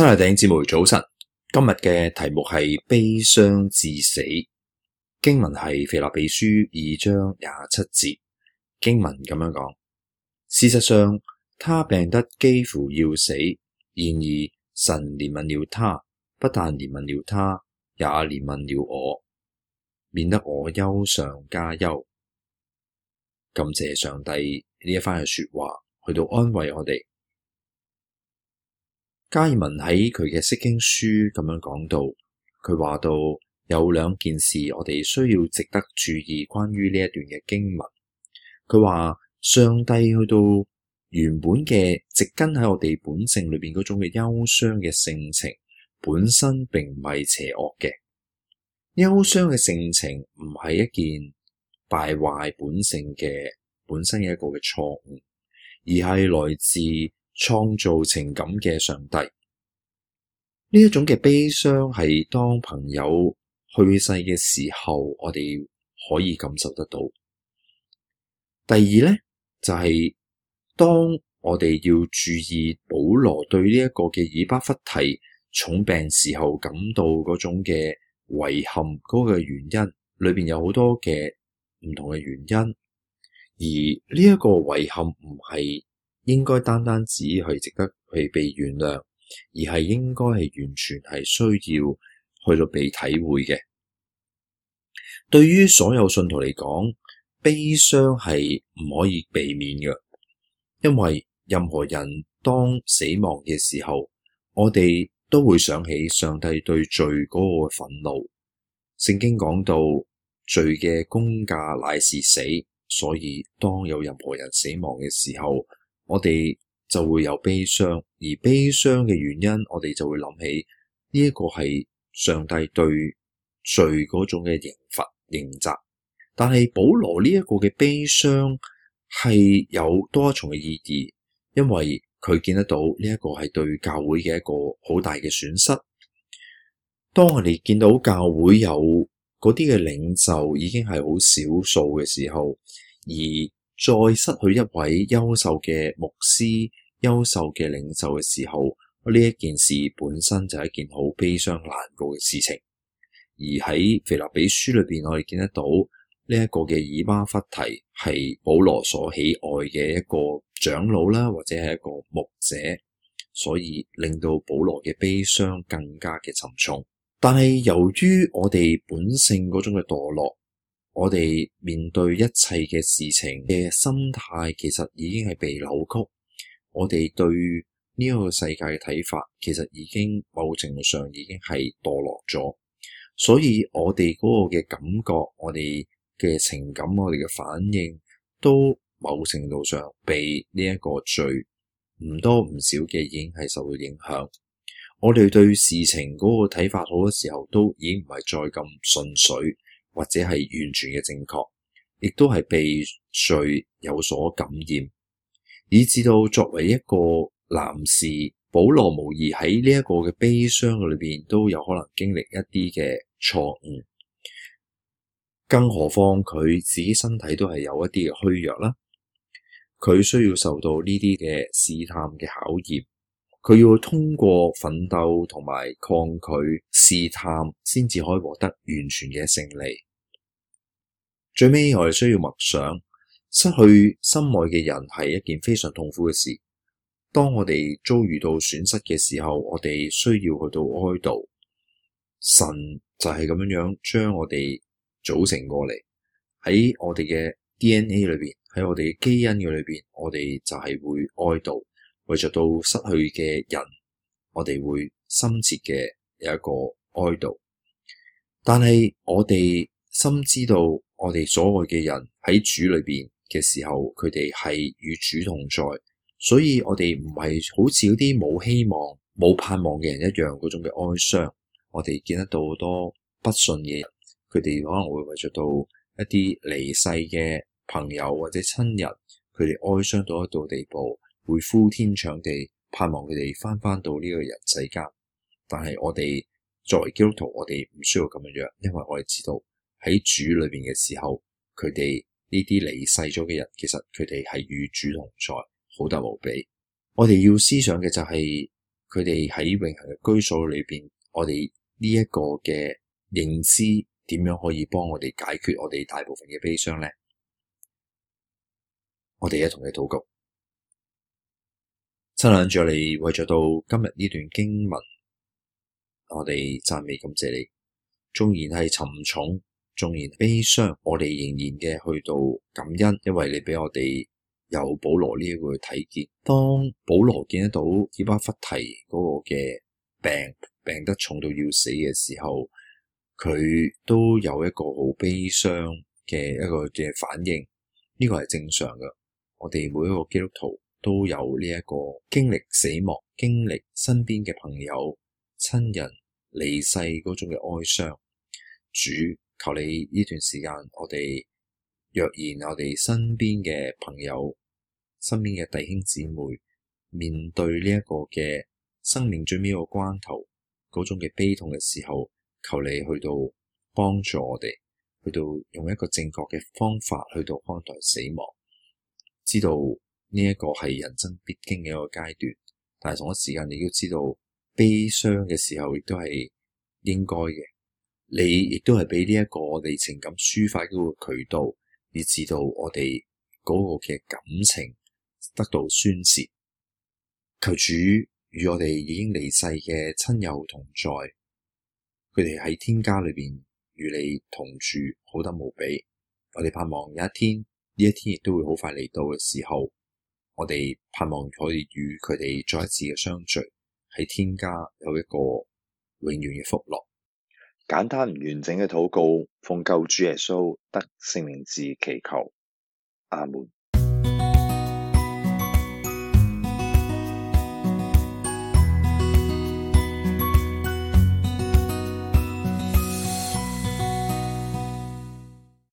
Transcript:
真係電節目，早晨。今日嘅題目係悲傷至死。經文係腓立比書二章廿七節。經文咁樣講：事實上，他病得幾乎要死，然而神憐憫了他，不但憐憫了他，也憐憫了我，免得我憂上加憂。感謝上帝呢一番嘅說話，去到安慰我哋。加爾文喺佢嘅釋經書咁樣講到，佢話到有兩件事我哋需要值得注意，關於呢一段嘅經文。佢話上帝去到原本嘅植根喺我哋本性裏邊嗰種嘅憂傷嘅性情，本身並唔係邪惡嘅。憂傷嘅性情唔係一件敗壞本性嘅本身嘅一個嘅錯誤，而係來自。創造情感嘅上帝，呢一種嘅悲傷係當朋友去世嘅時候，我哋可以感受得到。第二呢，就係、是、當我哋要注意保羅對呢一個嘅以巴弗提重病時候感到嗰種嘅遺憾嗰個原因，裏邊有好多嘅唔同嘅原因，而呢一個遺憾唔係。應該單單只係值得去被原諒，而係應該係完全係需要去到被體會嘅。對於所有信徒嚟講，悲傷係唔可以避免嘅，因為任何人當死亡嘅時候，我哋都會想起上帝對罪嗰個憤怒。聖經講到罪嘅工價乃是死，所以當有任何人死亡嘅時候。我哋就會有悲傷，而悲傷嘅原因，我哋就會諗起呢一個係上帝對罪嗰種嘅刑罰、刑責。但係保羅呢一個嘅悲傷係有多重嘅意義，因為佢見得到呢一個係對教會嘅一個好大嘅損失。當我哋見到教會有嗰啲嘅領袖已經係好少數嘅時候，而再失去一位優秀嘅牧師、優秀嘅領袖嘅時候，呢一件事本身就係一件好悲傷難過嘅事情。而喺腓立比書裏邊，我哋見得到呢一個嘅以巴弗提係保羅所喜愛嘅一個長老啦，或者係一個牧者，所以令到保羅嘅悲傷更加嘅沉重。但係由於我哋本性嗰種嘅墮落。我哋面對一切嘅事情嘅心態，其實已經係被扭曲。我哋對呢個世界嘅睇法，其實已經某程度上已經係墮落咗。所以我哋嗰個嘅感覺，我哋嘅情感，我哋嘅反應，都某程度上被呢一個罪唔多唔少嘅已經係受到影響。我哋對事情嗰個睇法，好多時候都已經唔係再咁純粹。或者係完全嘅正確，亦都係被罪有所感染，以至到作為一個男士，保羅無疑喺呢一個嘅悲傷裏邊都有可能經歷一啲嘅錯誤。更何況佢自己身體都係有一啲嘅虛弱啦，佢需要受到呢啲嘅試探嘅考驗。佢要通過奮鬥同埋抗拒試探，先至可以獲得完全嘅勝利。最尾我哋需要默想，失去心愛嘅人係一件非常痛苦嘅事。當我哋遭遇到損失嘅時候，我哋需要去到哀悼。神就係咁樣將我哋組成過嚟，喺我哋嘅 DNA 裏邊，喺我哋嘅基因裏邊，我哋就係會哀悼。為著到失去嘅人，我哋會深切嘅有一個哀悼。但係我哋深知道，我哋所愛嘅人喺主裏邊嘅時候，佢哋係與主同在。所以我哋唔係好似嗰啲冇希望、冇盼望嘅人一樣嗰種嘅哀傷。我哋見得到好多不信嘅人，佢哋可能會為著到一啲離世嘅朋友或者親人，佢哋哀傷到一度地步，會呼天搶地，盼望佢哋翻返到呢個人世間。但係我哋作為基督徒，我哋唔需要咁樣，因為我哋知道喺主裏邊嘅時候，佢哋呢啲離世咗嘅人，其實佢哋係與主同在，好得無比。我哋要思想嘅就係佢哋喺永恆嘅居所裏邊，我哋呢一個嘅認知點樣可以幫我哋解決我哋大部分嘅悲傷呢？我哋一同你禱告。新兩在你為咗到今日呢段經文，我哋讚美感謝你。縱然係沉重，縱然悲傷，我哋仍然嘅去到感恩，因為你俾我哋有保羅呢去睇見。當保羅見得到以巴弗提嗰個嘅病病得重到要死嘅時候，佢都有一個好悲傷嘅一個嘅反應。呢個係正常嘅。我哋每一個基督徒，都有呢、這、一個經歷死亡、經歷身邊嘅朋友、親人離世嗰種嘅哀傷。主求你呢段時間，我哋若然我哋身邊嘅朋友、身邊嘅弟兄姊妹面對呢一個嘅生命最尾個關頭嗰種嘅悲痛嘅時候，求你去到幫助我哋，去到用一個正確嘅方法去到看待死亡，知道。呢一個係人生必經嘅一個階段，但係同一時間你都知道，悲傷嘅時候亦都係應該嘅。你亦都係俾呢一個我哋情感抒發嗰個渠道，以至到我哋嗰個嘅感情得到宣洩。求主與我哋已經離世嘅親友同在，佢哋喺天家裏邊與你同住，好得無比。我哋盼望有一天，呢一天亦都會好快嚟到，嘅時候。我哋盼望可以與佢哋再一次嘅相聚，喺天家有一個永遠嘅福樂。簡單唔完整嘅禱告，奉救主耶穌得聖名字祈求，阿門。